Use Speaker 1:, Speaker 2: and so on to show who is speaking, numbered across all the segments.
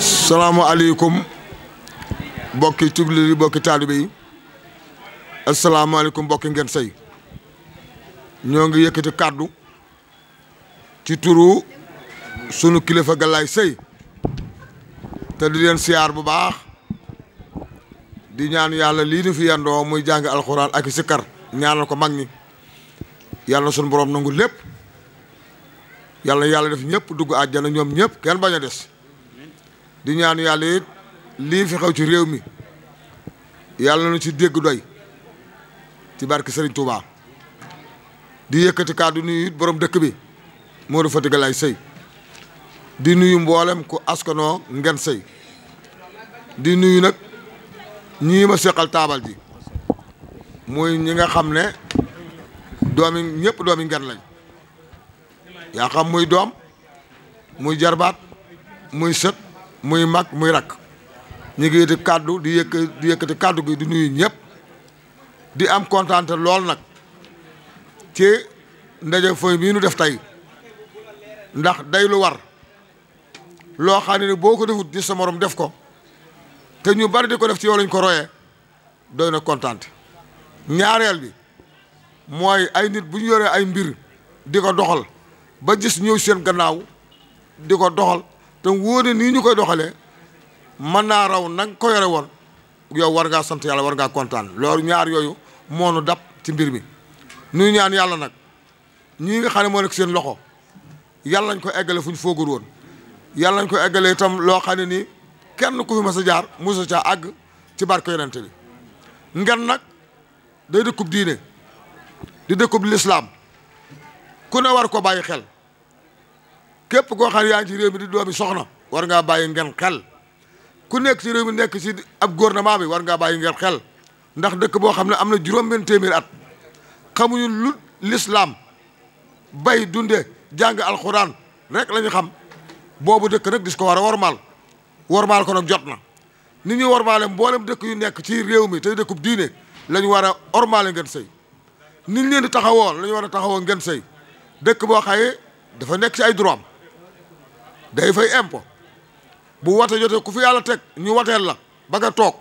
Speaker 1: salaamu salaamaaleykum bokki tugli yi bokki taalibe yi asalaamaaleykum bokki ngeen sey ñoo ngi yëkkati kàddu ci turu sunu kilifa Galaay Sey te di leen siyaar bu baax di ñaan yàlla lii nu fi yendoo muy jàng alxuraan ak sikkar ñaanal ko mag ñi yàlla na sunu borom nangu lépp yàlla yàlla def ñëpp dugg àjjana ñoom ñëpp kenn bañ a des di ñaanu yàlla it lii fi xew ci réew mi yàlla na ci dégg doy ci barke Serigne Touba di yëkkati kàddu nuyu it borom dëkk bi Modou Fatick lay sëy di nuyu mboolem ku askanoo ngeen sëy di nuyu nag ñii ma seqal taabal ji muy ñi nga xam ne doomi ñëpp doomi ngeen lañ yaa xam muy doom muy jarbaat muy sët muy mag muy rakk ñu ngi kàddu di yëkk di yëkkati kàddu gi di nuyu ñëpp di am kontaan lool nag ci ndaje fooy mii nu def tey ndax day lu war loo xam ne boo ko defut di sa moroom def ko te ñu bari di ko def ci yow lañ ko royee doy na kontaan ñaareel bi mooy ay nit bu ñu yoree ay mbir di ko doxal ba gis ñëw seen gannaaw di ko doxal te woo ne nii ñu koy doxalee mën naa raw na nga yore woon yow war ngaa sant yàlla war ngaa kontaan loolu ñaar yooyu moo nu dab ci mbir mi. nuy ñaan yàlla nag ñii nga xam ne moo nekk seen loxo yàlla nañ ko eggale fu ñu foogul woon yàlla nañ koy eggale itam loo xam ne nii kenn ku fi a jaar musa ca àgg ci barke yonente bi ngen nag day dëkkub diine di dëkkub lislaam ku ne war ko bàyyi xel képp koo xam yaa ngi ci réew mi di doomi soxna war ngaa bàyyi ngeen xel ku nekk ci réew mi nekk ci ab gouvernement bi war ngaa bàyyi ngeen xel ndax dëkk boo xam ne am na juróom-benn téeméeri at xamuñu lu lislaam bay dunde jàng alxuraan rek la xam boobu dëkk nag dis ko war a wormaal wormaal ko nag jot na nit ñuy wormaale mboolem dëkk yu nekk ci réew mi tey dëkkub diine la ñu war a ormaale ngeen sëy nit leen di taxawoo la ñu war a taxawoo ngeen sëy dëkk boo xaye dafa nekk ci ay droit day fay impôt bu wate jotee ku fi yàlla teg ñu wateel la ba nga toog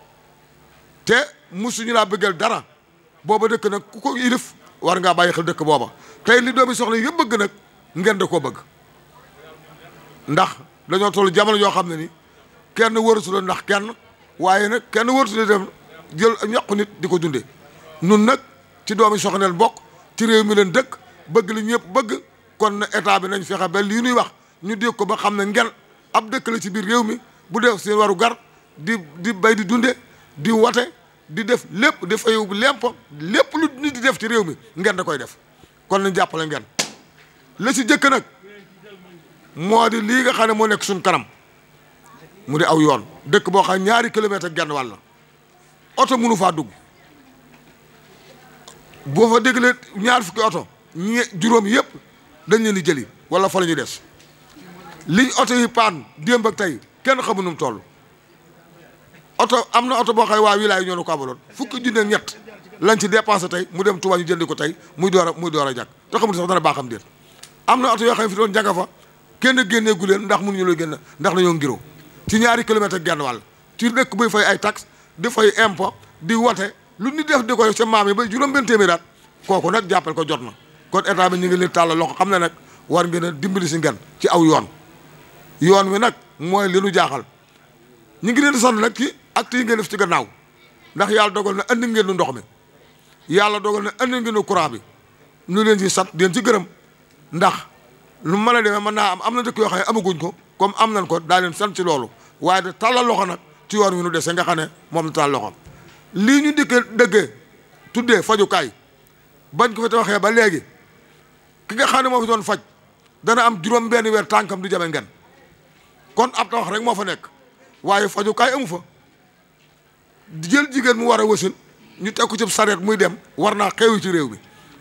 Speaker 1: te musuñu laa bëggal dara booba dëkk nag ku ko ilif war ngaa bàyyi xel dëkk booba tey li doomi soxla yëpp bëgg nag ngeen da koo bëgg ndax dañoo toll jamono joo xam ne ni kenn wëratu la ndax kenn waaye nag kenn wëratu la dem jël a ñaqu nit di ko dunde nun nag ci doomi soxneel mbokk ci réew mi leen dëkk bëgg li ñëpp bëgg kon na état bi nañ fexe ba lii nuy wax ñu dégg ko ba xam ne ngel ab dëkk la ci biir réew mi bu def seen waru gar di di bay di dunde di wate di def lépp di fayu lépp lépp lu nit di def ci réew mi ngeen da koy def kon nañ jàppale ngeen la si jëkk nag moo di lii nga xam ne moo nekk suñ kanam mu di aw yoon dëkk boo xam ñaari kilomètre ak genn wàll oto mënu faa dugg boo fa déglee ñaar fukki oto ñi juróom yëpp dañ leen di jëli wala fa la des li oto yi paan démb ak tey kenn xamu nu mu toll oto am na oto boo xam ne waa wilaay ñoo ko abaloon fukki junne ñett lañ ci dépensé tey mu dem Tuubaa ñu jëndi ko tey muy door a muy door a jàkk te xamul sax dana baaxam déet am na oto yoo xam ne fi doon jaga kenn génnee leen ndax mënuñu la génn ndax dañoo ngiroo ci ñaari kilomètre ak genn wàll ci dëkk buy ay taxe di fay di wote lu ñu def di ko sa maam yi ba juróom-benn téeméeraat kooku nag jàppal ko jot na kon état bi ñu ngi leen tàllal loxo xam ne nag war ngeen a dimbali si ngeen ci aw yoon yoon wi nag mooy li nu jaaxal ñu ngi leen di sant nag ci acte yi ngeen def ci gannaaw ndax yàlla dogal na andi ngeen nu ndox mi yàlla dogal na andi ngeen nu courant bi ñu leen ci sat di leen ci gërëm ndax lu mën a demee mën naa am am na dëkk yoo xam ne amaguñ ko comme am nañ ko daa leen sant ci loolu waaye de tàllal loxo nag ci yoon wi nu dese nga xam ne moom la tàllal loxo lii ñu dëkkee dëggee tuddee fajukaay bañ ko fi te waxee ba léegi ki nga xam ne moo fi faj dana am juróom benn weer tànkam du jame kon ab tabax rek moo fa nekk waaye fajukaay amu fa jël jigéen mu war a wasin ñu teg ko ci sareet muy dem war naa xewi ci réew mi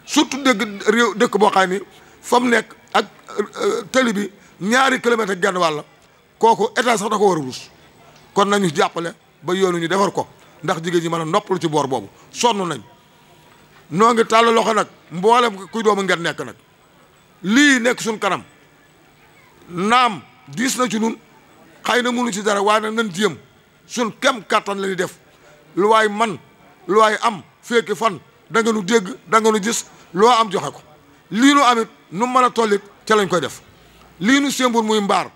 Speaker 1: surtout dëgg réew dëkk boo xam ni fa mu nekk ak euh, tëli bi ñaari kilomètre ak genn wàll kooku état sax da ko war a rus kon nañu jàppale ba yoonu ñu defar ko ndax jigéen ñi man a noppalu ci boor boobu sonn nañ noo ngi tàll loxo nag mboolem kuy doomu ngeen nekk nag lii nekk suñ kanam naam diis na ci nun xëy na mënu ci dara waaye nag nan jéem sun kem kattan la def lu waay man lu waay am fekk fan da nga nu dégg da nga nu loo am joxe ko lii nu amit nu mën a tollit ca lañ koy def lii nu sémbur muy mbaar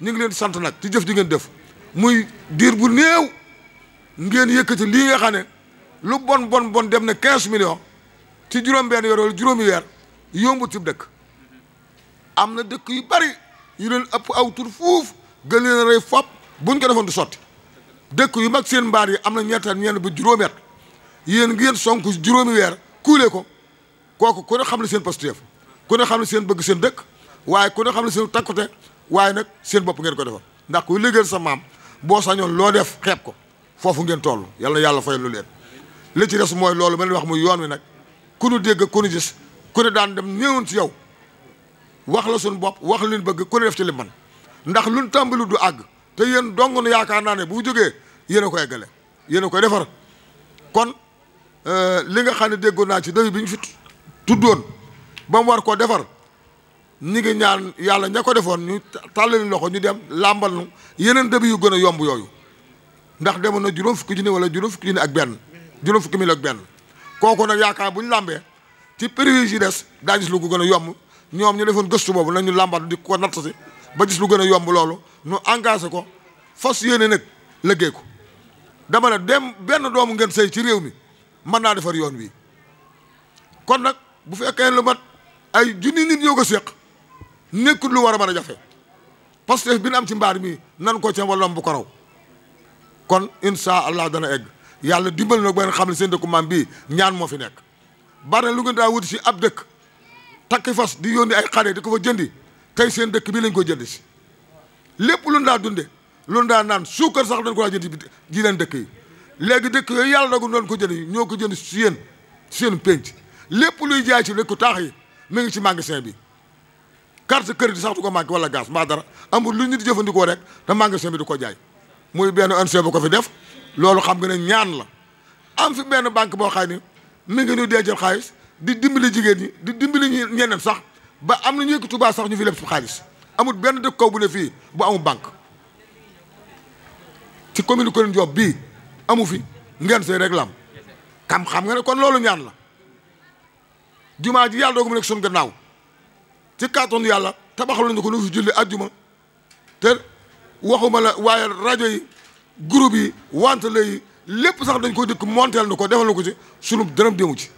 Speaker 1: ñu ngi leen sant nag ci jëf ji ngeen def muy diir bu néew ngeen yëkkati lii nga xam ne lu bon bon bon dem na quinze millions ci juróom benn weer wala juróomi weer yombu tib dëkk am na dëkk yu bari yu leen ëpp aw tur fuuf gën leen rey fop buñ ko defoon du sotti dëkk yu mag seen mbaar yi am na ñetti at ñenn ba juróomi at yéen ngeen sonk juróomi weer kuule ko kooku ku ne xam ne seen pasteef ku ne xam ne seen bëgg seen dëkk waaye ku ne xam ne seen takkute waaye nag seen bopp ngeen ko defal ndax kuy liggéeyal sa maam boo sañoon loo def xeeb ko foofu ngeen toll yàlla na yàlla fayal lu leen li ci des mooy loolu ma leen wax muy yoon wi nag ku nu dégg ku nu gis dem néewoon ci yow wax la suñu bopp wax luñ bëgg ku ne def ci li man ndax ñu tàmbali du àgg te yéen dong nu yaakaar naa ne bu jógee yéen a koy eggale yéen a koy defar kon euh, li nga xam ne déggoon naa ci doy bi ñu fi tuddoon ba mu war koo defar ñi ngi ñaan yàlla ña ko defoon ñu tàllali loxo ñu dem làmbal nu yeneen dëbi yu gën a yomb yooyu ndax demoon na juróom fukki junni wala juróom fukki junni ak benn juróom fukki mil ak benn kooku nag yaakaar bu ñu làmbee ci prévisions yi des daa lu ko gën a yomb ñoom ñu defoon gëstu boobu nañu làmbaatu di ko natt si ba gis lu gën a yomb loolu ñu engagé ko fas yéene nag liggéey ko dama ne dem benn doomu ngeen sëy ci réew mi mën naa defar yoon wi kon nag bu fekkee lu mat ay junni nit ñoo ko séq nekkul lu war a mën a jafe parce que bi ñu am ci mbaar mi nan ko ca wala bu ko raw kon insha allah dana egg yàlla dimbal na ba ngeen xam ne seen dëkku maam bii ñaan moo fi nekk bari lu ngeen daa wuti si ab dëkk takki fas di yónni ay xare di ko fa jëndi tey seen dëkk bi lañ ko jënd si lépp lu daa dundee lu daa naan suukar sax dañ ko daa jënd ji leen dëkk yi léegi dëkk yooyu yàlla dogu doon ko jënd ñoo ko jënd si yéen si yéen pénc lépp luy jaay si lekku taax yi mu ngi ci magasin bi carte crédit sax du ko manqué wala gaz mbaa dara amul lu ñu di jëfandikoo rek te magasin bi du ko jaay muy benn ONG bu ko fi def loolu xam nga ne ñaan la am fi benn banque boo xay ni mi ngi ñu xaalis di dimbali jigéen ñi di dimbali ñu ñeneen sax ba am na ñu yëkk Touba sax ñu fi leb su xaalis amul benn dëkk kaw bu ne fii bu amul banque ci commune Kër Ndiop bii amu fi ngeen say rek la am kam xam nga ne kon loolu ñaan la jumaa ji yàlla doogu mu nekk suñu gannaaw ci kàttanu yàlla tabaxal na ko nu fi julli ajjuma te waxuma la waaye rajo yi groupe yi wante la yi lépp sax dañ ko dëkk monteel na ko defal na ko ci sunu dërëm demu ci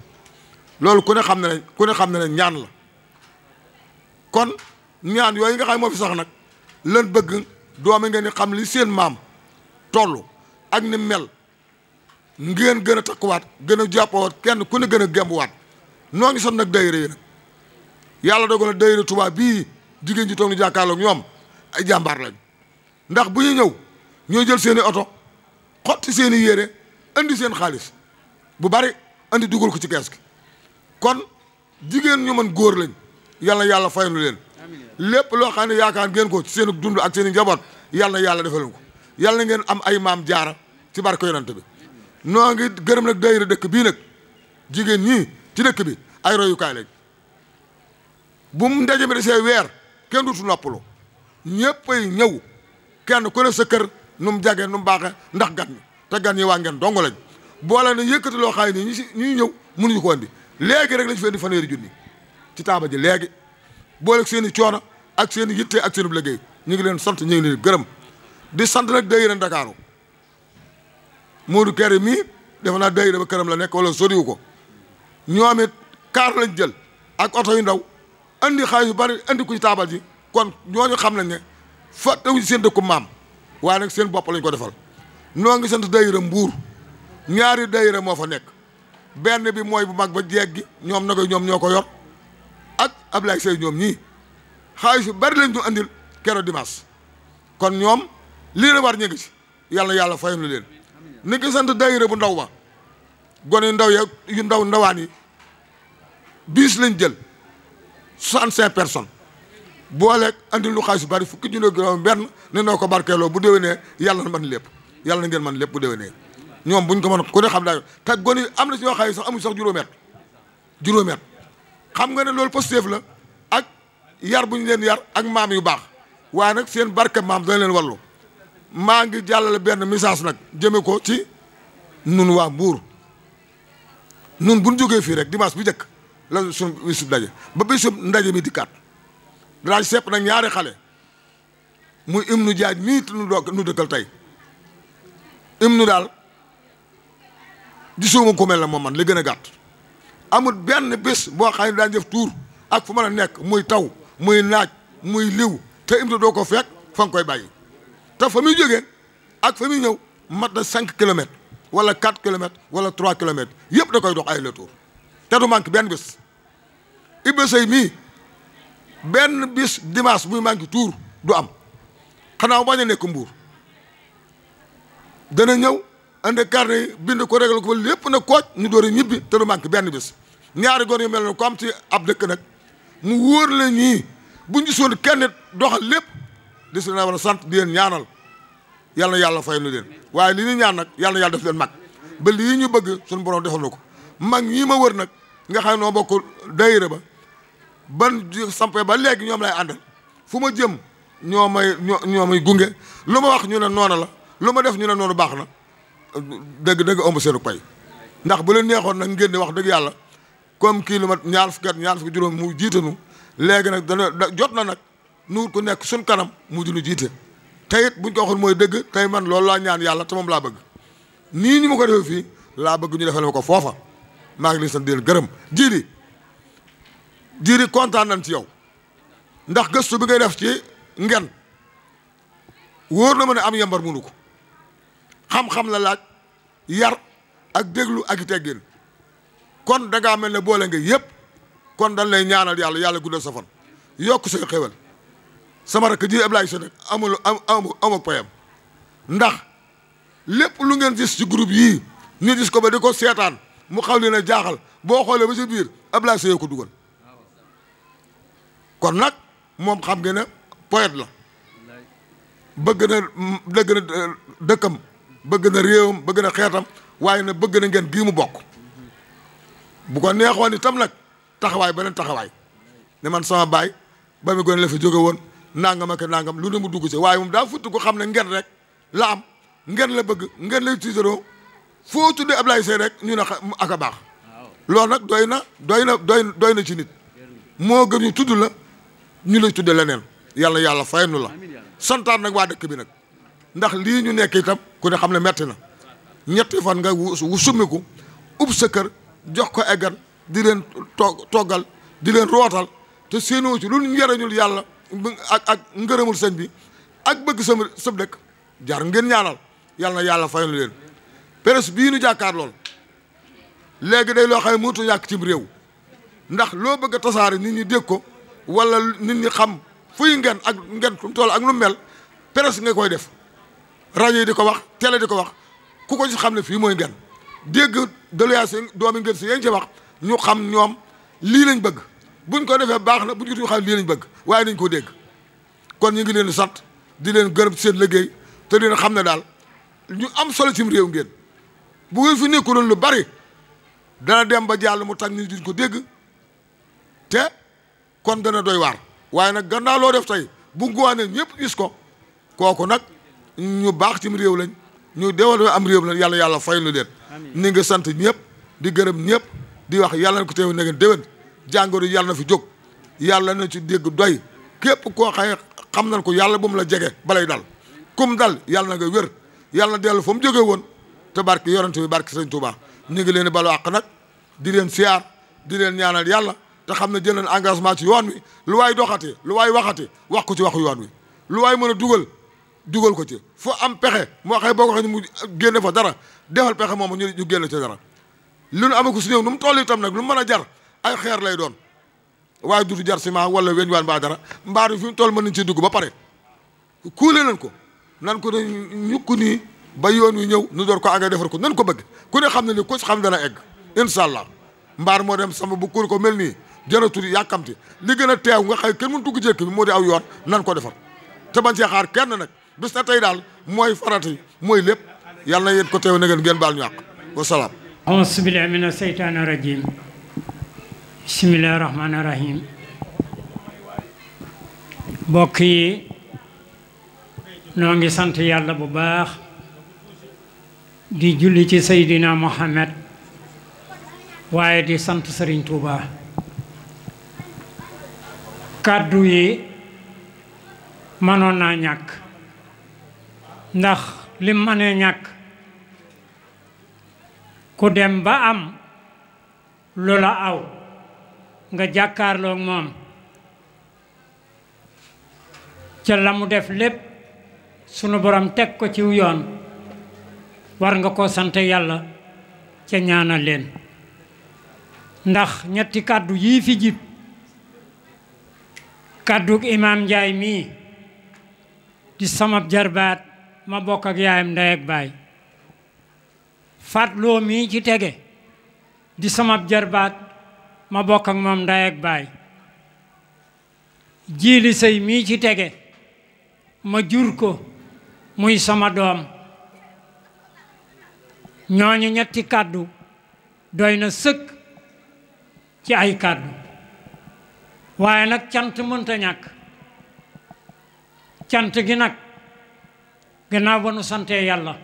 Speaker 1: loolu ku ne xam ne ku ne xam ne ñaan la kon ñaan yooyu nga xam ne moo fi sax nag lan bëgg doomi ngeen di xam li seen maam tollu ak ni mel ngeen gën a takkuwaat gën a jàppawaat kenn ku ne gën a gembuwaat noo ngi son nag dayira yi nag yàlla dogal na dayira tubaab bii jigéen ji toog ni jàkkaarloog ñoom ay jàmbaar lañ ndax bu ñu ñëw ñoo jël seeni oto xotti seeni yére indi seen xaalis bu bari andi dugal ko ci kees gi kon jigéen ñu man góor lañ yàlla yàlla faynu leen lépp loo xam ne yaakaar ngeen ko ci seen dund ak seen njaboot yàlla yàlla defal ko yàlla ngeen am ay maam jaara ci barke yonent bi noo ngi gërëm nag daayira dëkk bii nag jigéen ñii ci dëkk bi ay royukaay lañ bu mu ndaje mi dasee weer kenn dutu noppalu ñëppay ñëw kenn ku ne sa kër nu mu jagee nu mu baaxee ndax gat ñi te gan ñi waa ngeen dong lañ boole ne yëkkati loo xam ne ñi ñuy ñëw mënuñu ko léegi rek lañ fee di fanweeri junni ci taabal ji léegi booleeg seen i coono ak seen i yitte ak seen i liggéey ñu ngi leen sant ñu ngi leen gërëm di sant nag daayira Ndakaaru Modou Kéré mii defe naa daayira ba këram la nekk wala soriwu ko ñoom it kaar lañ jël ak oto yu ndaw andi xaalis yu bari andi ko ci taabal ji kon ñooñu xam nañ ne fa tawuñ seen dëkku maam waaye nag seen bopp lañ ko defal noo ngi sant daayira Mbuur ñaari daayira moo fa nekk benn bi mooy bu mag ba jeeg ñoom nag ko ñoom ñoo ko yor ak Ablaye Seye ñoom ñii xaalis yu bari lañ ñu indil keroog dimanche kon ñoom lii la war ñu ci yàlla yàlla fayal na leen ni ki sant daayira bu ndaw ba gone yu ndaw ya yu ndaw ndawaan yi biis lañ jël soixante-cinq personnes booleeg andil lu xaalis yu bari fukki junni juróom benn ne noo ko barkeeloo bu déwénee yàlla na man lépp yàlla na ngeen man lépp bu déwénee ñoom bu buñ ko mën ku ne xam naa te gone yi am na si ñoo xam ne sax amuñ sax juróomi at xam nga ne loolu positif la ak yar bu ñu leen yar ak maam yu baax waaye nag seen barke maam dana leen wallu maa ngi jàllale benn message nag jëme ko ci nun waa Mbuur nun buñ jógee fii rek dimanche bu njëkk la suñu bisub ndaje ba bisub ndaje mi dikkaat danaa sepp nag ñaari xale muy im nu jaaj mii nu dëkkal tey im nu daal di ku mel ne moom man li gën a gàtt amul benn bés boo xam ne daan def tuur ak fu mën a nekk muy taw muy naaj muy liw te imta doo ko fekk fa koy bàyyi te fa muy jógee ak fa muy ñëw mat na cinq kilomètres wala quatre kilomètres wala trois kilomètres yëpp da koy dox ay retour te du manqué benn bés Ibra Seye mii benn bis dimanche buy manqué tuur du am xanaa bañ a nekk mbuur dana ñëw ande carnet yi bind ko réglé ko lépp na kooj ñu door a ñibbi te du manqué benn bis ñaari gor yu mel noonu ko am ci ab dëkk nag mu wóor la ñii bu ñu gisoon kenn doxal lépp des na war sant di leen ñaanal yàlla na yàlla fay nu leen waaye li ñu ñaan nag yàlla na yàlla def leen mag ba lii ñu bëgg suñu borom defal ko mag ñii ma wër nag nga xam noo bokk dayira ba ban sampee ba léegi ñoom lay ànd fu ma jëm ñoo may ñoo may gunge lu ma wax ñu ne noona la lu ma def ñu ne noonu baax na dëgg-dëgg ëmb seenu pay ndax bu leen neexoon nag ngeen di wax dëgg yàlla comme kii lu mat ñaar fukki at ñaar fukki juróom mu jiitanu léegi nag dana jot na nag nu ko nekk suñ kanam mu di nu jiite te it buñ ko waxoon mooy dëgg tey man loolu laa ñaan yàlla te moom laa bëgg nii ñu ma ko defee fii laa bëgg ñu defal ma ko foofa maa ngi leen sant di gërëm jiiri jiiri kontaan nañ ci yow ndax gëstu bi ngay def ci ngen wóor na ma ne am yembar munu ko xam-xam la laaj yar ak déglu ak teggin kon danga ngaa mel ne boole nga yépp kon dañ lay ñaanal yàlla yàlla guddal sa fan yokk say xéwal sama rakk ji Ablaye Sène amul am am lépp lu ngeen gis ci groupe yii ñu ko di ko seetaan mu xaw leen a jaaxal boo xoolee ba ci biir Ablaye ko dugal nag moom xam nga ne poète la bëgg na dëgg na dëkkam bëgg na réewam bëgg na xeetam waaye na bëgg na ngeen bii mu bokk bu ko neexoon itam nag taxawaay beneen taxawaay ne man sama baay ba mu gën la fi jóge woon nangam ak nangam lu ne mu dugg si waaye moom daa futti ko xam ne ngeen rek la am ngeen la bëgg ngeen la tiitaroo foo tuddee Ablaye Seye rek ñu ne ak a baax loolu nag doy na doy na doy doy na ci nit moo gën ñu tudd la ñu lay tuddee leneen yàlla yàlla faynu la santaan nag waa dëkk bi nag ndax lii ñu nekk itam ku ne xam ne metti na ñetti fan nga wu summiku ub sa kër jox ko eggan di leen toog toggal di leen rootal te séenoo ci lu njëriñul yàlla ak ak ngërëmul sëñ bi ak bëgg sa sëb dëkk jar ngeen ñaanal yàlla na yàlla fayal leen presse bii nu jàkkaar lool léegi day loo xam ne mënatu ñàkk cim réew ndax loo bëgg a nit ñi dégg ko wala nit ñi xam fuy ngeen ak ngeen fu mu toll ak lu mel presse nga koy def rajo yi di ko wax télé di ko wax ku ko ci xam ne fii mooy ngeen dégg doluyaa si doomi ngeen si yéen ci wax ñu xam ñoom lii lañ bëgg buñ ko defee baax na bu ñu xam lii lañ bëgg waaye nañ ko dégg kon ñu ngi leen di sant di leen gërëm seen liggéey te leen xam ne daal ñu am solo cim réew ngeen bu ngeen fi nekkuloon lu bari dana dem ba jàll mu tax ni duñ ko dégg te kon dana doy waar waaye nag gannaaw loo def tey bu ngoonee ñëpp is ko kooku nag ñu baax ci réew lañ ñu déwal am réew lañ yàlla yàlla fay lu leen ni nga sant ñëpp di gërëm ñëpp di wax yàlla na ko teew na ngeen déwén jàngoro yàlla na fi jóg yàlla na ci dégg doy képp koo xaye xam nañ ko yàlla bu la jege balay dal kum dal yàlla na nga wér yàlla dellu fa mu jógee woon te barke yorante bi barke sëñ Tuubaa ñu ngi leen di balu àq nag di leen siyaar di leen ñaanal yàlla te xam ne jël nañ engagement ci yoon wi lu waay doxatee lu waay waxatee wax ko ci waxu yoon wi lu waay mën a dugal dugal ko ci foo am pexe moo xëy boo ko xëy mu génne fa dara defal pexe moom ñu ñu génne ci dara lu nu amee ko si ñëw nu mu toll itam nag lu mën a jar ay xeer lay doon waaye dudu jar ciment wala weñ waan mbaa dara mbaar fi mu toll mën nañ ci dugg ba pare kuule nañ ko nan ko ne ñukk nii ba yoon wi ñëw nu door ko àgga defar ko nan ko bëgg ku ne xam ne ni ku si xam dana egg incha allah mbaar moo dem sama bu kuur ko mel nii jëratul yàkkamti li gën a teew nga xëy kenn mën dugg jëkk bi moo di aw yoon nan ko defar te bañ see kenn nag bis na tey daal mooy farata mooy lépp yàlla na yéen ko teew na ngeen ngeen baal ñu àq wasalaam auzu billahi
Speaker 2: mina seytaani rajim bismillahi rahmaani rahim mbokk yi noo ngi sant yàlla bu baax di julli ci Seydina Mohamed waaye di sant Serigne Touba kàddu yi manoon naa ñàkk ndax lim mënee ñàkk ku dem ba am lu aw nga jàkkaarloog moom ca lamu def lépp sunu borom teg ko ciw yoon war nga ko sant yàlla ca ñaana leen ndax ñetti kàddu yii fi jib kàddu imaam Njaay mii di sama jarbaat ma bokk ak yaayam ndey ak baay faatloo mii ci tege di sama jarbaat ma bokk ak moom ndey ak baay jiili sëy mii ci tege ma jur ko muy sama doom ñooñu ñetti kàddu doy na sëkk ci ay kàddu waaye nag cant mënta ñàkk cant gi nag gannaaw ba nu santee yàlla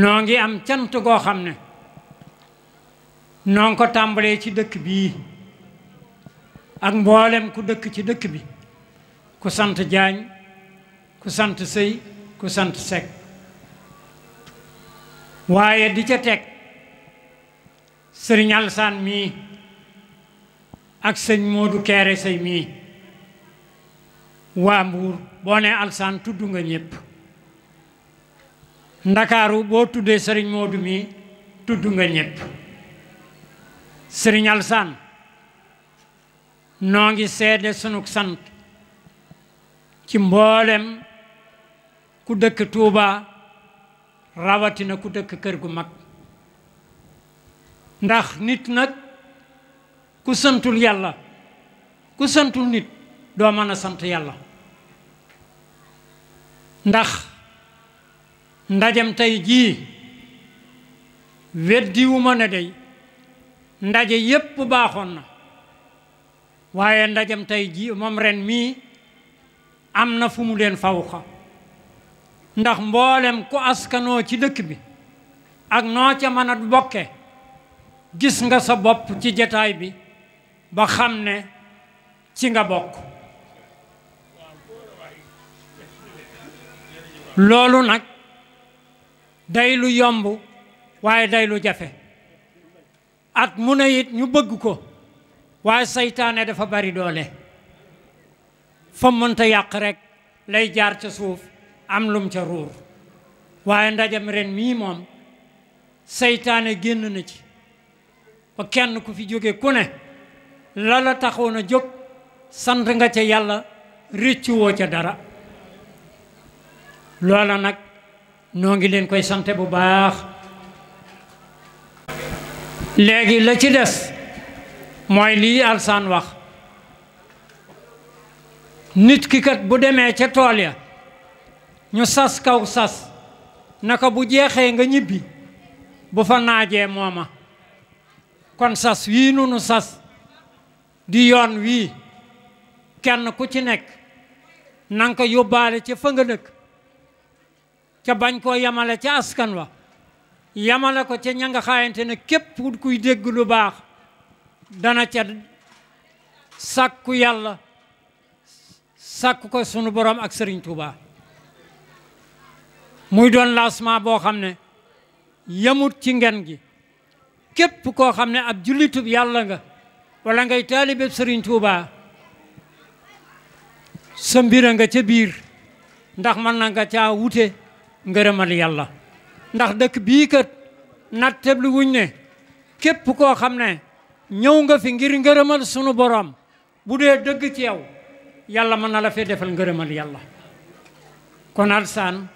Speaker 2: noo ngi am cant goo xam ne noo ngi ko tàmbalee ci dëkk bii ak mboolem ku dëkk ci dëkk bi ku sant jaañ ku sant sëy ku sant sekk waaye di ca teg sëriñal Alsaan mii ak sëñ Moodu Keere sëy mii waa Mbuur boo nee Alsaan tudd nga ñépp Ndakaaru boo tuddee Sëriñ Moodu mi tudd nga ñëpp Sëriñ Alsaan noo ngi seede sunug sant ci mboolem ku dëkk Tuuba rawatina ku dëkk kër gu mag ndax nit nag ku sëntul yàlla ku santul nit doo mën a sant yàlla ndax ndajem tey jii weddiwuma ne day ndaje yépp baaxoon na waaye ndajem tey jii moom ren mii am na fu mu leen fawxa ndax mboolem ku askanoo ci dëkk bi ak noo ca mën a bokke gis nga sa bopp ci jataay bi ba xam ne ci nga bokk loolu nag day lu yomb waaye day lu jafe at mu ne it ñu bëgg ko waaye seytaane dafa bari doole fa mënta yàq rekk lay jaar ca suuf am lum ca ruur waaye ndajam ren mii moom seytaane génn na ci ba kenn ku fi jóge ku ne la la taxoon a jóg sant nga ca yàlla réccuwoo ca dara loola nag noo ngi leen koy sante bu baax léegi la ci des mooy lii alsaan wax nit ki kat bu demee ca tool ya ñu sas kaw sas naka bu jeexee nga ñibbi bu fa naajee mooma kon sas wii nunu sas di yoon wii kenn ku ci nekk nanga ko yóbbaale ca fa nga dëkk ca bañ koo yamale ca askan wa yamale ko ca ña nga xaayante ne képp kuy dégg lu baax dana ca sàkku yàlla sàkku ko sunu borom ak Serigne Touba muy doon lancement boo xam ne yamut ci ngen gi képp koo xam ne ab jullitub yàlla nga walla ngay taalibeb Serigne Touba sa mbir nga ca biir ndax mën na nga caa wute ngërëmal yàlla ndax dëkk bii kat nat teblu wuñ ne képp koo xam ne ñëw nga fi ngir ngërëmal sunu borom bu dee dëgg ci yow yàlla mën na la fee defal ngërëmal yàlla kon alsaan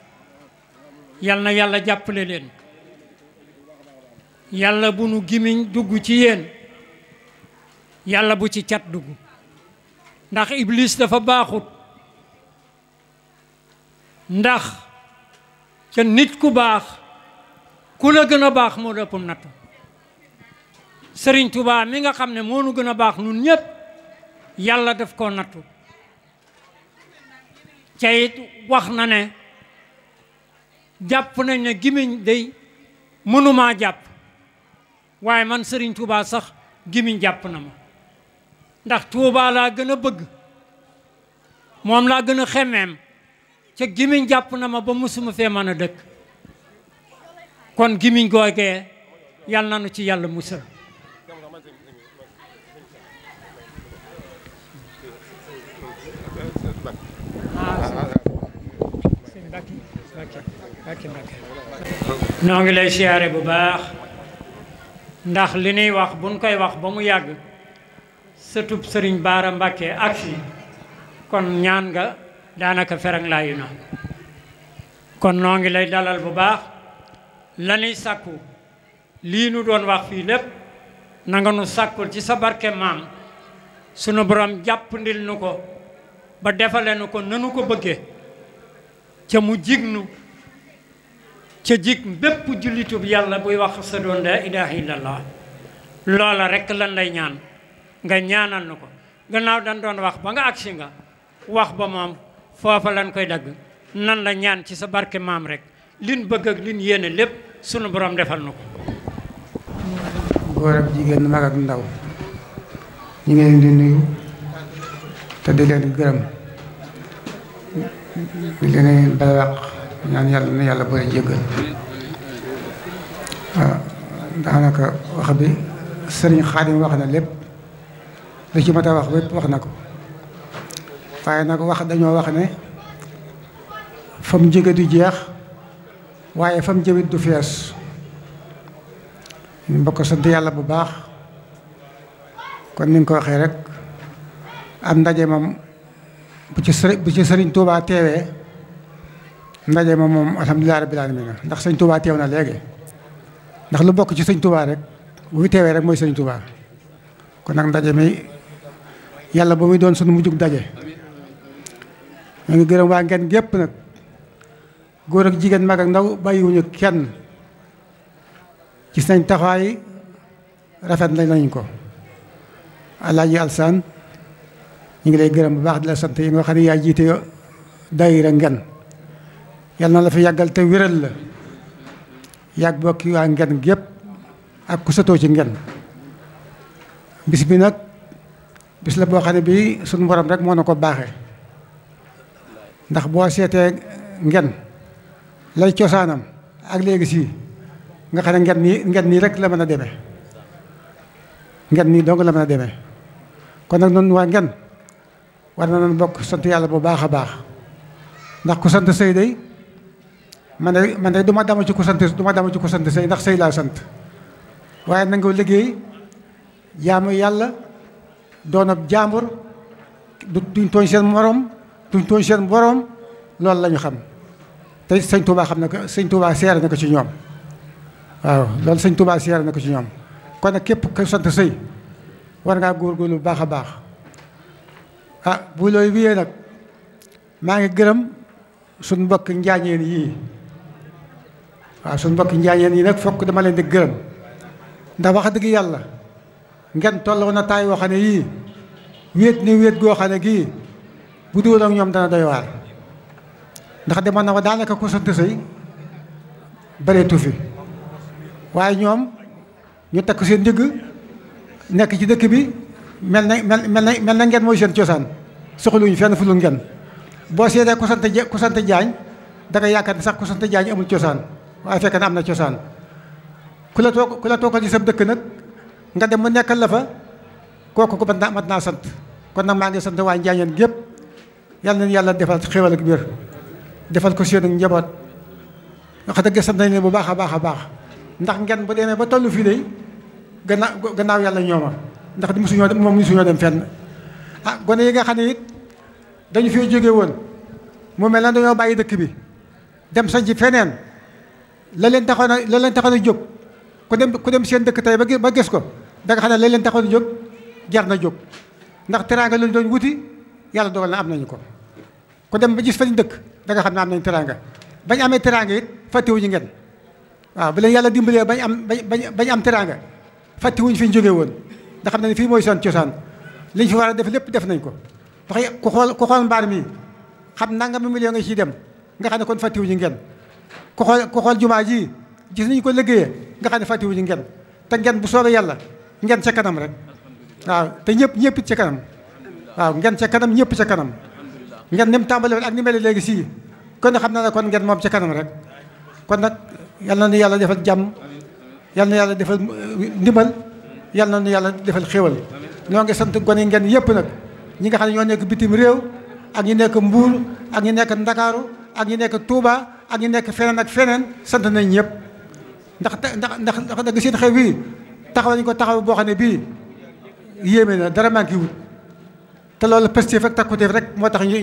Speaker 2: yal na yàlla jàppale leen yàlla bu nu gimiñ dugg ci yéen yàlla bu ci cat dugg ndax iblis dafa baaxut ndax ca nit ku baax ku la gën a baax moo dëpp natt Sëriñ Tuubaa mi nga xam ne moo nu gën a baax nun ñépp yàlla def koo nattu ca wax na ne jàpp nañ ne gimiñ day mënumaa jàpp waaye man Sëriñ Tuubaa sax gimiñ jàpp na ma ndax Tuubaa laa gën a bëgg moom laa gën a xemmeem ca gimiñ jàpp na ma ba mu suma fee mën a dëkk kon gimiñ googee yal na nu ci yàlla musal noo ngi lay siyaare bu baax ndax li nuy wax buñ koy wax ba mu yàgg sëtub sëriñ Baara Mbàkke agsi kon ñaan nga daanaka ferang laayu na kon noo ngi lay dalal bu baax lanuy sàkku lii nu doon wax fii lépp nanga nu sàkkul ci sa barke maam sunu borom jàppandil nu ko ba defale nu ko nanu ko bëggee ca mu jig nu ca jig bépp jullitub yàlla buy wax sa doon la ilaha illallah loola rekk lan lay ñaan nga ñaanal nu ko gannaaw dañ doon wax ba nga agsi nga wax ba moom foofa lan koy dagg nan la ñaan ci sa barke maam rek lin bëgg ak lin yéene lépp sunu borom defal na ko.
Speaker 3: góor ak jigéen mag ak ndaw ñu ngi leen di te di leen gërëm di leen balaq ñaan yàlla na yàlla bëri jéggal daanaka wax bi sëriñ Xaadim wax na lépp li ci mat wax lépp wax na ko. waaye nag wax dañoo wax ne fa mu jóge du jeex waaye fa mu jëmit du fees ñu mbokk sant yàlla bu baax kon ni ko waxee rek am ndaje moom bu ci sëriñ ci sëriñ Touba teewee ndaje moom moom alhamdulilah rabbil alamin ndax sëñ Touba teew na léegi ndax lu bokk ci sëñ Touba rek bu fi teewee rek mooy sëriñ Touba kon nag ndaje mi yàlla ba muy doon sunu mujjug daje ma ngi gërëm waa ngeen gépp nag góor ak jigéen mag ak ndaw bàyyiwuñu kenn gis nañ taxawaay rafet nañ nañ ko alaaji alsan ñu ngi lay gërëm bu baax di la sant yi nga xam ne yaa jiite daayira ngen yal na la fi yàggalte te wéral la yàgg bokki waa ngen gépp ak ku sotoo ci ngen bis bi nag bis la boo xam ne bii suñu borom rek moo na ko baaxee ndax boo seetee ngen lay cosaanam ak léegi sii nga xam ne ngen nii ngen nii rek la mën a deme ngen nii dong la mën a deme kon nag noonu waa ngen war na noonu bokk sant yàlla bu baax a baax ndax ku sant sëy day man de man de du ma dama ci ko sant du ma ci ku sant sëy ndax sëy laa sant waaye nangoo liggéey jaamu yàlla doon ab jaambur du duñ tooñ seen moroom duñ tooñ seen boroom loolu la xam te sëñ Touba xam na ko sëñ Touba seere na ko ci ñoom waaw loolu sëñ Touba seere na ko ci ñoom kon nag képp ku sant sëy war ngaa góorgóorlu bu baax a baax ah bu looy wiyee nag maa ngi gërëm suñ mbokk njaañeen yii waaw suñ mbokk njaañeen yi nag fokk dama leen di gërëm ndax wax dëgg yàlla ngeen tolloo na taay woo xam ne yii wéet ni wéet goo xam gii bu duwul ak ñoom dana day waar ndax demoon na ba daanaka ku sant sëy bareetu fi waaye ñoom ñu takk seen njëgg nekk ci dëkk bi mel na mel na mel na ngeen mooy seen cosaan soxluñu fenn fu lu ngeen boo seetee ku sant ku sant jaañ da nga yaakaar sax ku sant jaañ amul cosaan waaye fekk na am na cosaan ku la toog ku la toogal ci sa dëkk nag nga dem mu nekkal la fa kooku ko mat naa mat naa sant kon nag maa ngi sant waa njaañeen gépp yàlla na yàlla defal xéwal ak biir defal ko seen ak njaboot wax dëgg sant nañ leen bu baax a baax a baax ndax ngeen bu demee ba tollu fii day gannaaw gannaaw yàlla ñooma ndax du mosuñoo dem moom mosuñoo dem fen ah gone yi nga xam ne it dañu fee jóge woon mu mel na dañoo bàyyi dëkk bi dem sañ ci feneen la leen taxoon a la leen taxoon jóg ku dem ku dem seen dëkk tey ba ba gis ko da nga xam ne la leen taxoon a jóg jar na jóg ndax teraanga lañ doon wuti yàlla dogal na am nañu ko ko dem ba gis fa ñu dëkk da nga xam ne am nañ teraanga bañ amee teraanga it fàttewuñu ngeen waaw bu leen yàlla dimbalee bañ am bañ bañ am teraanga fàttewuñu fi ñu jógee woon ndax xam ne fii mooy seen cosaan liñ fi war a def lépp def nañ ko ndax ku xool ku xool mbaar mi xam nangam million nga ciy dem nga xam ne kon fàttewuñu ngeen ku xool ku xool jumaa ji gis nañu ko liggéeyee nga xam ne fàttewuñu ngeen te ngeen bu soobee yàlla ngeen ca kanam rek waaw te ñëpp ñëpp ca kanam waaw ngeen ca kanam ñëpp ca kanam ngeen ni mu ak ni mel léegi sii kon xam na ne kon ngeen moom ca kanam rek kon nag yal na nu yàlla defal jàmm yal na yàlla defal ndimbal yal na nu yàlla defal xéwal ñoo ngi sant gone ngeen yëpp nag ñi nga xam ne ñoo nekk bitim réew ak ñi nekk mbuur ak ñi nekk ndakaaru ak ñi nekk tuuba ak ñi nekk feneen ak feneen sant nañ ñëpp ndax ndax ndax ndax dëgg seen xew bii taxaw nañ ko taxaw boo xam ne bii yéeme na dara maa ngi wut te loolu positif ak takkutif rek moo tax ñu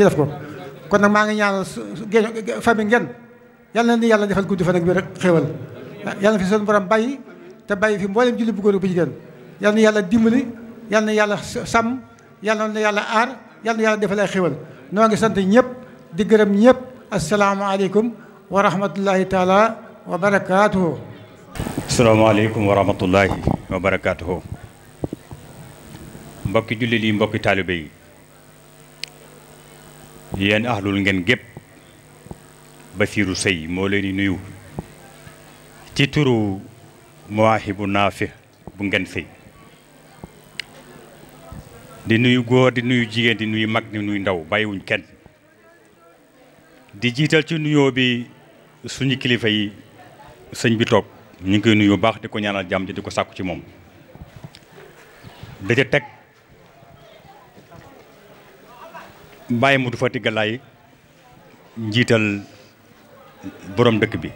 Speaker 3: def ko kon nag maa ngi ñaanal génn famille ngeen yàlla na ni yàlla defal guddi fan ak bi rek xéewal yàlla fi seen borom bàyyi te bàyyi fi mboolem julli bu góor bu jigéen yàlla na yàlla dimbali yàlla na yàlla sàmm yàlla na yàlla aar yàlla na yàlla defal ay xéewal noo ngi sant ñëpp di gërëm ñëpp asalaamaaleykum wa rahmatullahi taala wa barakaatuhu
Speaker 4: asalaamaaleykum wa rahmatullahi wa barakaatuhu mbokki jullit yi mbokki taalibe yi yéen ahlul ngeen gépp Basiiru Sëy moo leen yi nuyu ci turu bu Naafi bu ngeen sëy di nuyu góor di nuyu jigéen di nuyu mag di nuyu ndaw bàyyiwuñ kenn di jiital ci nuyoo bi suñu kilifa yi sëñ bi toog ñu ngi nuyu baax di ko ñaanal jàmm di ko sàkku ci moom da teg Mbaye Modou Fatick Galaye njiital boroom dëkk bi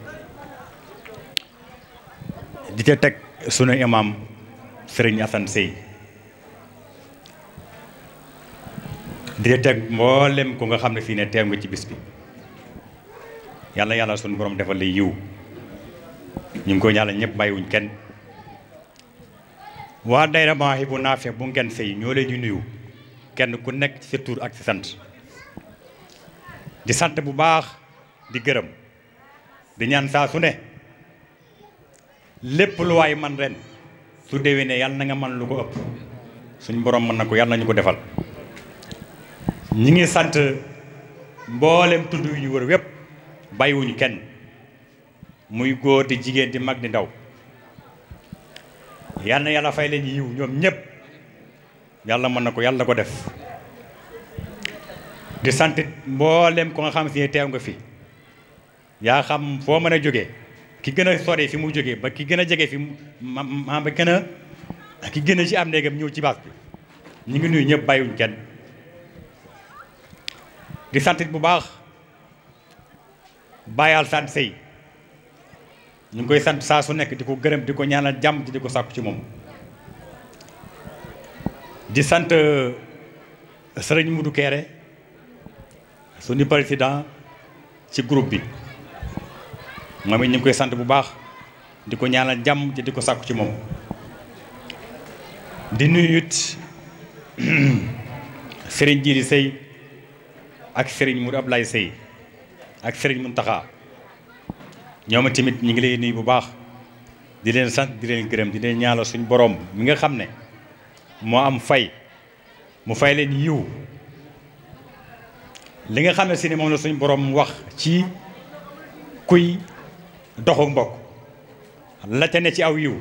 Speaker 4: di ca teg sunu imam Serigne Assane Sey di ca teg mboolem ko nga xam ne fii ne teew nga ci bis bi yàlla yàlla sunu borom defal lay yiw ñu ngi ko ñaala ñëpp bàyyiwuñ kenn waa dayra Mawahibou Nafih bu ngeen sëy ñoo leen di nuyu kenn ku nekk ci sa tur ak si sant di sant bu baax di gërëm di ñaan saa su ne lépp lu waay man ren su déwénee yàlla na nga man lu ko ëpp suñ boroom mën na ko yàlla nañu ko defal ñi ngi sant mboolem tudd yu ñu wër wépp bàyyiwuñu kenn muy góor di jigéen di mag di ndaw yàlla na yàlla fay leen yiw ñoom ñëpp yàlla mën na ko yàlla ko def di sant mboolem ko nga xam si teew nga fi yaa xam foo mën a jógee ki gën a sori fi mu jógee ba ki gën a jege fi ma ba gën a ki gën a ci am néegam ñëw ci baas bi ñu ngi nuyu ñëpp bàyyiwuñ kenn di santit bu baax bàyyal sant sëy ñu ngi koy sant saa su nekk di ko gërëm di ko ñaanal jàmm di ko sàkku ci moom di sant euh, sëriñ Modou Kéré suñu président ci groupe bi moom it ñu ngi koy sant bu baax di ko ñaanal jàmm di ko sàkku ci moom di nuyu it sëriñ Jiri sëy ak sëriñ mu Modou lay sëy ak sëriñ Mountakha ñoom tamit ñu ngi lay nuyu bu baax di leen sant di leen gërëm di leen ñaanal suñu borom mi nga xam ne moo am fay mu fay leen yiw li nga xam ne si ni moom la suñ borom wax ci kuy doxu mbokk la ca ne ci aw yiw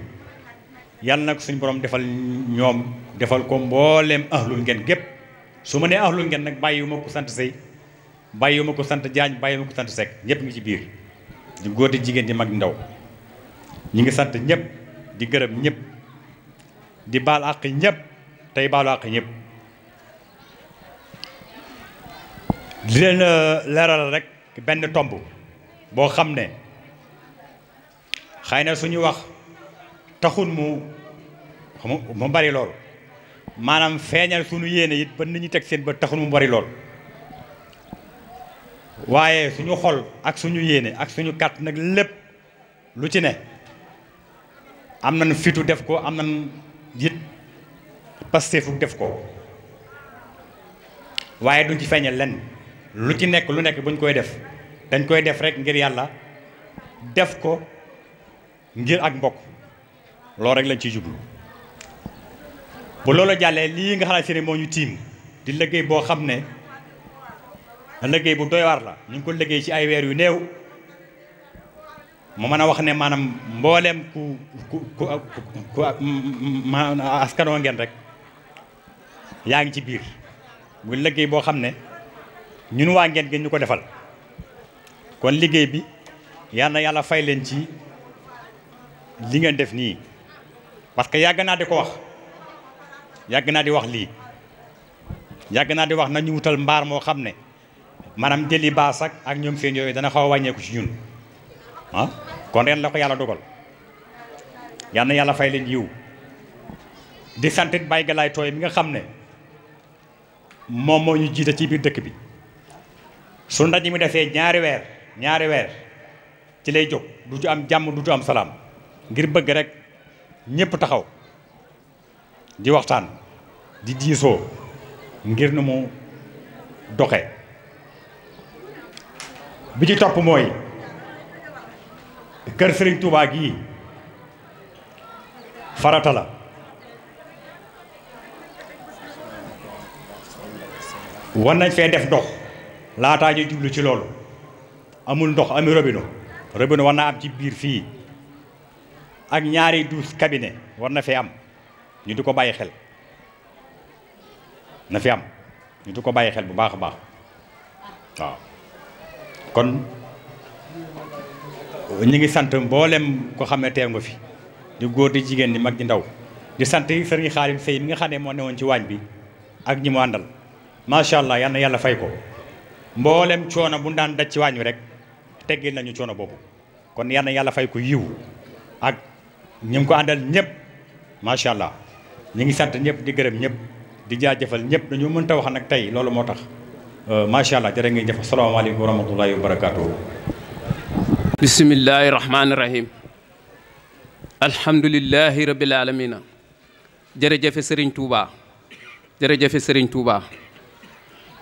Speaker 4: yàlla nag suñ boroom defal ñoom defal ko mbooleem ahlul ngeen gépp su ma nee ahlul ngeen nag bàyyiwuma ko sant sëy bàyyiwuma ko sant jaañ bàyyiwuma ko sant sekk ñëpp ngi ci biir ñu góor di jigéen di mag ndaw ñi ngi sant ñëpp di gërëm ñëpp di baal àq ñëpp tey baalu di leen euh, leeral rek benn tomb boo xam ne xëy na suñu wax taxul mu mu bari lool maanaam feeñal suñu yéene it ba nit ñi teg seen ba taxul mu bari lool waaye suñu xol ak suñu yéene ak suñu kàtt nag lépp lu ci ne am nañ fitu def ko am nañ Pastef fu def ko waaye du ci feeñal lenn lu ci nekk lu nekk buñ koy def dañ koy def rek ngir yàlla def ko ngir ak mbokk loolu rek lañ ciy jublu bu loolu jàllee lii nga xalaat si ne moo ñu tiim di liggéey boo xam ne liggéey bu doy waar la ñu ngi ko liggéey ci ay weer yu néew mu mën a wax ne maanaam mbooleem ku ku ku ku askanoo ngeen rek yaa ngi ci biir muy liggéey boo xam ne ñun waa ngeen ngeen ñu ko defal kon liggéey bi yal na yàlla fay leen ci li ngeen def nii parce que yàgg naa di ko wax yàgg naa di wax lii yàgg naa di wax na nañu wutal mbaar moo xam ne maanaam jëli baas ak ak ñoom seen yooyu dana xaw a wàññeeku ci ñun ah kon ren la ko yàlla dogal yal na yàlla fay leen yiw di santit bàyyi galaay tooy mi nga xam ne moom moo ñu jiite ci biir dëkk bi su ndaj mu defee ñaari weer ñaari weer ci lay jóg du ci am jàmm du ci am salaam ngir bëgg rek ñëpp taxaw di waxtaan di diisoo ngir nu mu doxe bi ci topp mooy kër Serigne Touba gii farata la. war nañ fee def ndox laataa ñu jublu ci loolu amul ndox amul robinet robinet war naa am ci biir fii ak ñaari douze kabine war na fee am ñu di ko bàyyi xel na fi am ñu di ko bàyyi xel bu baax a baax waaw kon ñu ngi sant mboolem ko xam ne teew nga fi di góor di jigéen di mag di ndaw di sant Serigne Khadim Seye mi nga xam ne moo newoon ci waañ bi ak ñi mu àndal macha allah yal yàlla fay ko mboolem coono bu daan daj ci waañ wi rek teggil nañu coono boobu kon yal na yàlla fay ko yiw ak ñu ngi ko àndal ñëpp macha allah ñu ngi sant ñëpp di gërëm ñëpp di jaajëfal ñëpp dañu mën ta wax nag tey loolu moo tax euh, macha allah jërë ngeen jëf asalaamaaleykum wa rahmatullahi wa barakaatu. bismillahi rahmaani rahim.
Speaker 5: alhamdulilahi rabil aalamiina. jërëjëfe Serigne Touba jërëjëfe Serigne Touba.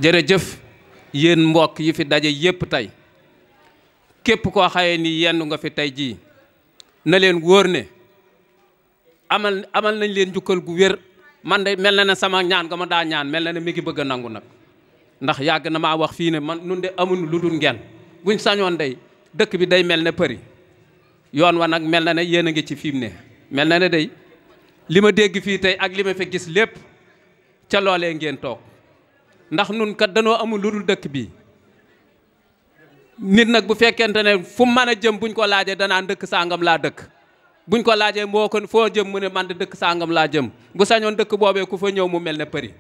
Speaker 5: jërëjëf yéen mbokk yi fi daje yépp tey képp koo xaye ni yenn nga fi tey jii na leen wóor ne amal amal nañ leen njukkal gu wér man de mel na ne sama ñaan nga ma daa ñaan mel na ne mi ngi bëgg a nangu nag ndax yàgg na maa wax fii ne man nun de amuñu lu dul ngeen buñ sañoon day dëkk bi day mel ne përi yoon wa nag mel na ne yéen a ngi ci fi ne mel na ne day li ma dégg fii tey ak li ma fi gis lépp ca loole ngeen toog ndax nun kat danoo amul lu dul dëkk bi nit nag bu fekkente ne fu mën a jëm buñ ko laajee danaan dëkk sàngam laa dëkk buñ ko laajee moo ko foo jëm mu ne man de dëkk sàngam laa jëm bu sañoon dëkk boobee ku fa ñëw mu mel ne përi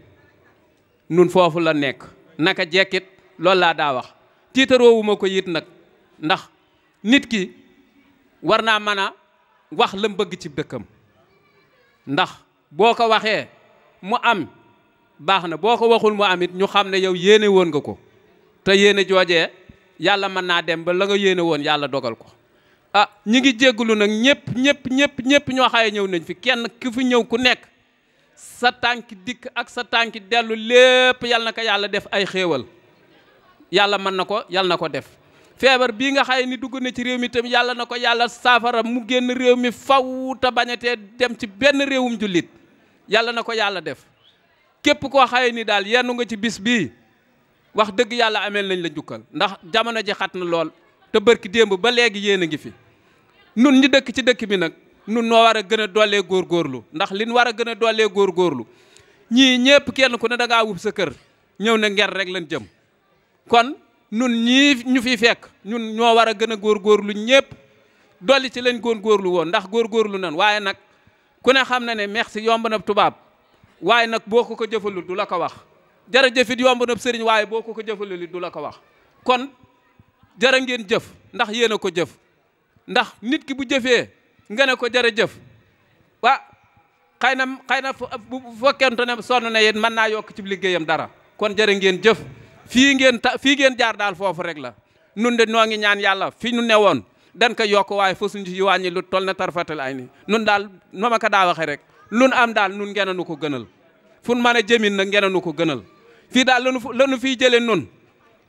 Speaker 5: nun foofu la nekk naka jekkit loolu laa daa wax tiitaroowuma ko yit nag ndax nit ki war naa mën a wax lam bëgg ci dëkkam ndax boo ko waxee mu am baax na boo ko waxul mu amit it ñu xam ne yow yéene woon nga ko te yéene joojee yàlla mën naa dem ba la nga yéene woon yàlla dogal ko a ah ñi ngi jéggulu nag ñëpp ñëpp ñëpp ñëpp ñoo xaye ñëw nañ fi kenn ki fu ñëw ku nekk sa tànki dikk ak sa tànki dellu lépp yàlla na ko yàlla def ay xéewal yàlla mën na ko yàlla na ko def feebar bii nga xaye ni dugg na ci réew mi tam yàlla na ko yàlla saafara mu génn réew mi faw te bañatee dem ci benn réewum jullit yàlla na ko yàlla def képp koo xaye ni daal yenn nga ci bis bii wax dëgg yàlla ameel nañ la njukkal ndax jamono ji xat na lool te bërki démb ba léegi yéen a ngi fi nun ñi dëkk ci dëkk bi nag nun noo war a gën a doolee góorlu ndax lin war a gën a doolee góorlu ñii ñëpp kenn ku ne da wub sa kër ñëw ne nger rek lañ jëm kon nun ñii ñu fi fekk ñun ñoo war a gën a góor góorgóorlu ñëpp dolli ci lañ góorlu woon ndax góor góorgóorlu nan waaye nag ku ne xam na ne merci yomb na tubaab waaye nag boo ko ko jëfalul du la ko wax jërëjëf it yomb na sëriñ waaye boo ko ko jëfalul it du la ko wax kon jërë ngeen jëf ndax yéen a ko jëf ndax nit ki bu jëfee nga ne ko jëf wa xëy na xëy na bu fekkente ne sonn na yéen mën naa yokk ci liggéeyam dara kon jërë ngeen jëf fii ngeen ta fii ngeen jaar daal foofu rek la nun de noo ngi ñaan yàlla fi ñu newoon dañ ko yokk waaye fa suñu ci wàññi lu toll na tarfatal ay ni nun daal noo ma ko daa waxee rek lun am daal nun ngeen nu ko gënal fun mën a jëmin nag ngeen nu ko gënal fii daal lanu nu fii jëlee nun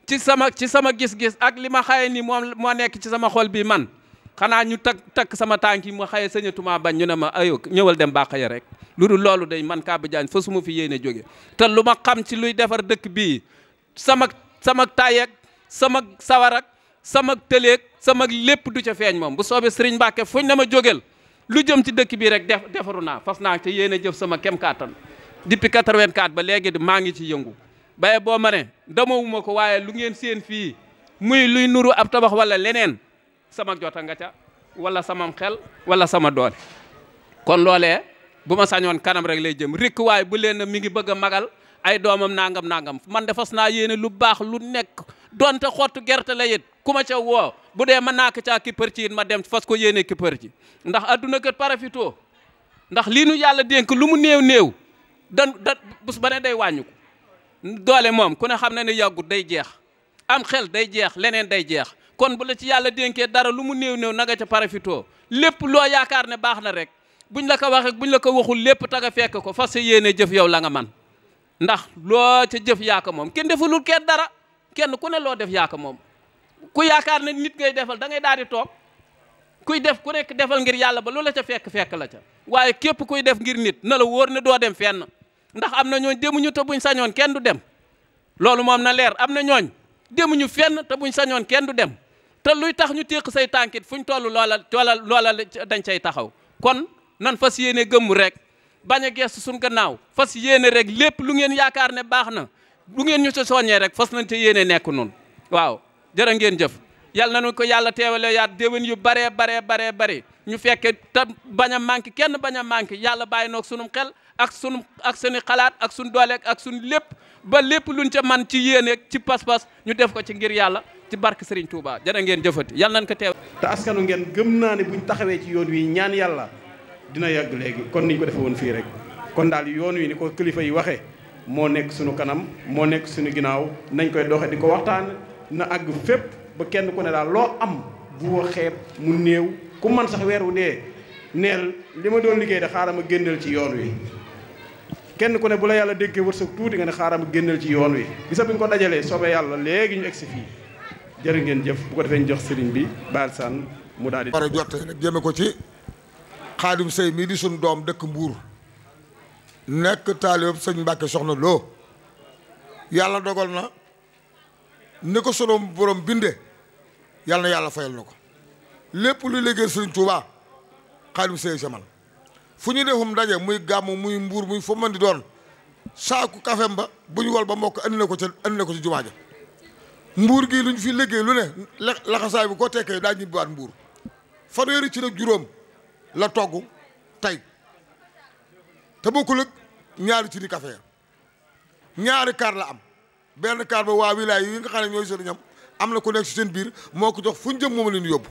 Speaker 5: ci sama ci sama gis-gis ak li ma xaye ni moom moo nekk ci sama xol bi man xanaa ñu takk takk sama tànk yi ma xaye sañatuma bañ ñu ne ma ayo ñëwal dem baax ya rek lu dul loolu day man Kaba Diagne fa suma ma fi yéene jóge te lu ma xam ci luy defar dëkk bii sama sama tayeeg sama sawarak sama tëleeg sama lépp du ca feeñ moom bu soobee Serigne Mbacke fuñ na ma jógeel lu jëm ci dëkk bi rek def defaru naa fas naa te yéen a jëf sama kem kàttan depuis 84 ba léegi di maa ngi ci yëngu baye boo ma ne damawuma ko waaye lu ngeen seen fii muy luy nuru ab tabax wala leneen sama jot a nga ca wala samam xel wala sama doole kon loole bu ma sañoon kanam rek lay jëm rikk waaye bu leen mi ngi bëgg a magal ay doomam nangam nangam man de fas naa yéene lu baax lu nekk donte xottu gerte la yit ku ma ca woo bu dee ma naak caa kippar ci it ma dem fas ko yéene kippar ci ndax adduna kër parafitoo ndax lii nu yàlla dénk lu mu néew néew dan da bus ba ne day wàññu ko doole moom ku ne xam na ne yàggut day jeex am xel day jeex leneen day jeex kon bu la ci yàlla dénkee dara lu mu néew néew na ca parafitoo lépp loo yaakaar ne baax na rek buñ la ko waxeek buñ la ko waxul lépp taga fekk ko fas yéene jëf yow la nga man kenn ku ne loo def yaaka moom ku yaakaar ne nit ngay defal da ngay daal di toog kuy def ku nekk defal ngir yàlla ba lu la ca fekk fekk la ca waaye képp kuy def ngir nit na la woor ne doo dem fenn ndax am na ñooñ demuñu te buñ sañoon kenn du dem loolu moom na leer am na ñooñ demuñu fenn te buñ sañoon kenn du dem te luy tax ñu téq say tànkit fuñ toll loola loola loola dañ cay taxaw kon nan fas yéene gëmm rek bañ a gestu suñ gannaaw fas yéene rek lépp lu ngeen yaakaar ne baax na bu ngeen ñu ci soññee rek fas nañ te yéene nekk noonu waaw jërë ngeen jëf yàlla nañu ko yàlla teewale yaat déwén yu baree baree baree bari ñu fekke ta bañ a manqué kenn bañ manqué yàlla bàyyi noog sunum xel ak sunu ak sunu xalaat ak sunu dooleeg ak sunu lépp ba lépp luñ ca man ci yéeneeg ci pas-pas ñu def ko ci ngir yàlla ci bark Serigne Touba jërë ngeen jëfati yàlla nañ ko teew te askanu ngeen gëm naa ne buñ taxawee ci yoon wi ñaan yàlla dina yàgg léegi kon niñ ko defe woon fii rek kon kilifa yi waxee moo nekk sunu kanam moo nekk suñu ginnaaw nañ koy doxe di ko waxtaan na àgg fépp ba kenn ku ne daal loo am bu ko mu néew ku man sax weer wu dee neel li ma doon liggéey de xaaral ma génneel ci yoon wi kenn ku ne bu la yàlla déggee wërsëg tuuti nga ne xaaral ma génneel ci yoon wi gisa bi nga ko dajalee soobee yàlla léegi ñu egsi fii jërë ngeen
Speaker 1: jëf bu ko defee ñu jox sëriñ bi baal saan mu daa di war a jotte nag ko ci xaadim sëy mii di suñu doom dëkk mbuur nekk taalibe sëñ Mbàkke soxna loo yàlla dogal na ni ko sunu borom binde yàlla na yàlla fayal na ko lépp luy liggéey sëñ Tuubaa xaalim sey man fu ñu defum ndaje muy gàmm muy mbuur muy fu mën di doon saaku kafem ba bu ñu wol ba mbokk andi na ko ca andi na ko ci jumaa ja mbuur gii luñ fi liggéey lu ne laxasaay bu ko tekkee daa ñibbiwaat mbuur fanweeri ci nag juróom la togg tey te bokkul ak ñaari ci di café ya ñaari kaar la am benn kaar ba waa wilaay yi nga xam ne ñooy ñam am na ku nekk si seen biir moo ko jox fu ñu jëm moom la ñu yóbbu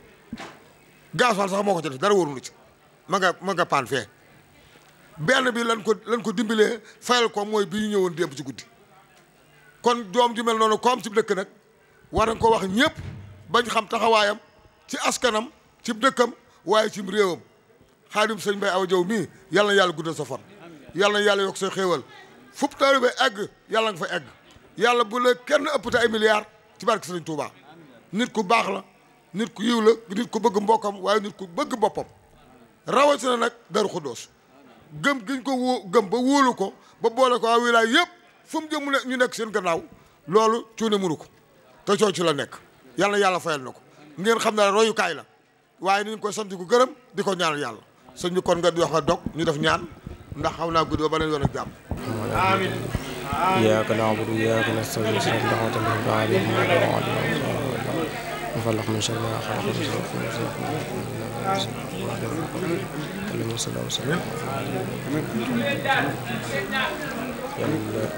Speaker 1: gasoil sax moo ko ci def dara wóorul ci ma nga ma benn bi lan ko lan ko dimbalee fayal ko mooy bi ñu ñëwoon démb ci guddi kon doom ju mel noonu comme ci dëkk nag war nañ ko wax ñëpp bañ xam taxawaayam ci askanam ci bu dëkkam waaye ci réewam xaadim sëñ Bay Awa Jaw mii yàlla na yàlla guddal sa fan yàlla na yàlla yokk sa xéewal fup taalibe egg yàlla nga fa egg yàlla bu la kenn ëpp te ay milliards ci barke Sëriñ Tuubaa nit ku baax la nit ku yiw la nit ku bëgg mbokkam waaye nit ku bëgg boppam rawatina nag Daaru Xuddoos gëm giñ ko wóo gëm ba wóolu ko ba boole ko waa wilaay yëpp fu mu jëm ñu nekk seen gannaaw loolu cuune mënu ko te coow la nekk yàlla yàlla fayal na ko ngeen xam ne royukaay la waaye ni ñu koy sant ko gërëm di ko ñaanal yàlla sëñ bi kon nga di dog ñu def ñaan ndax xaw naa guddi ba beneen yoon ak jàmm. amiin
Speaker 4: iyyaaka na'budu wa iyyaaka nasta'iin ihdinas siraatal mustaqiim
Speaker 3: وفلق من شر ما خلق وزلق وزلق
Speaker 5: اللهم صل وسلم يلا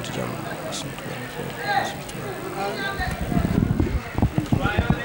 Speaker 1: نتجمع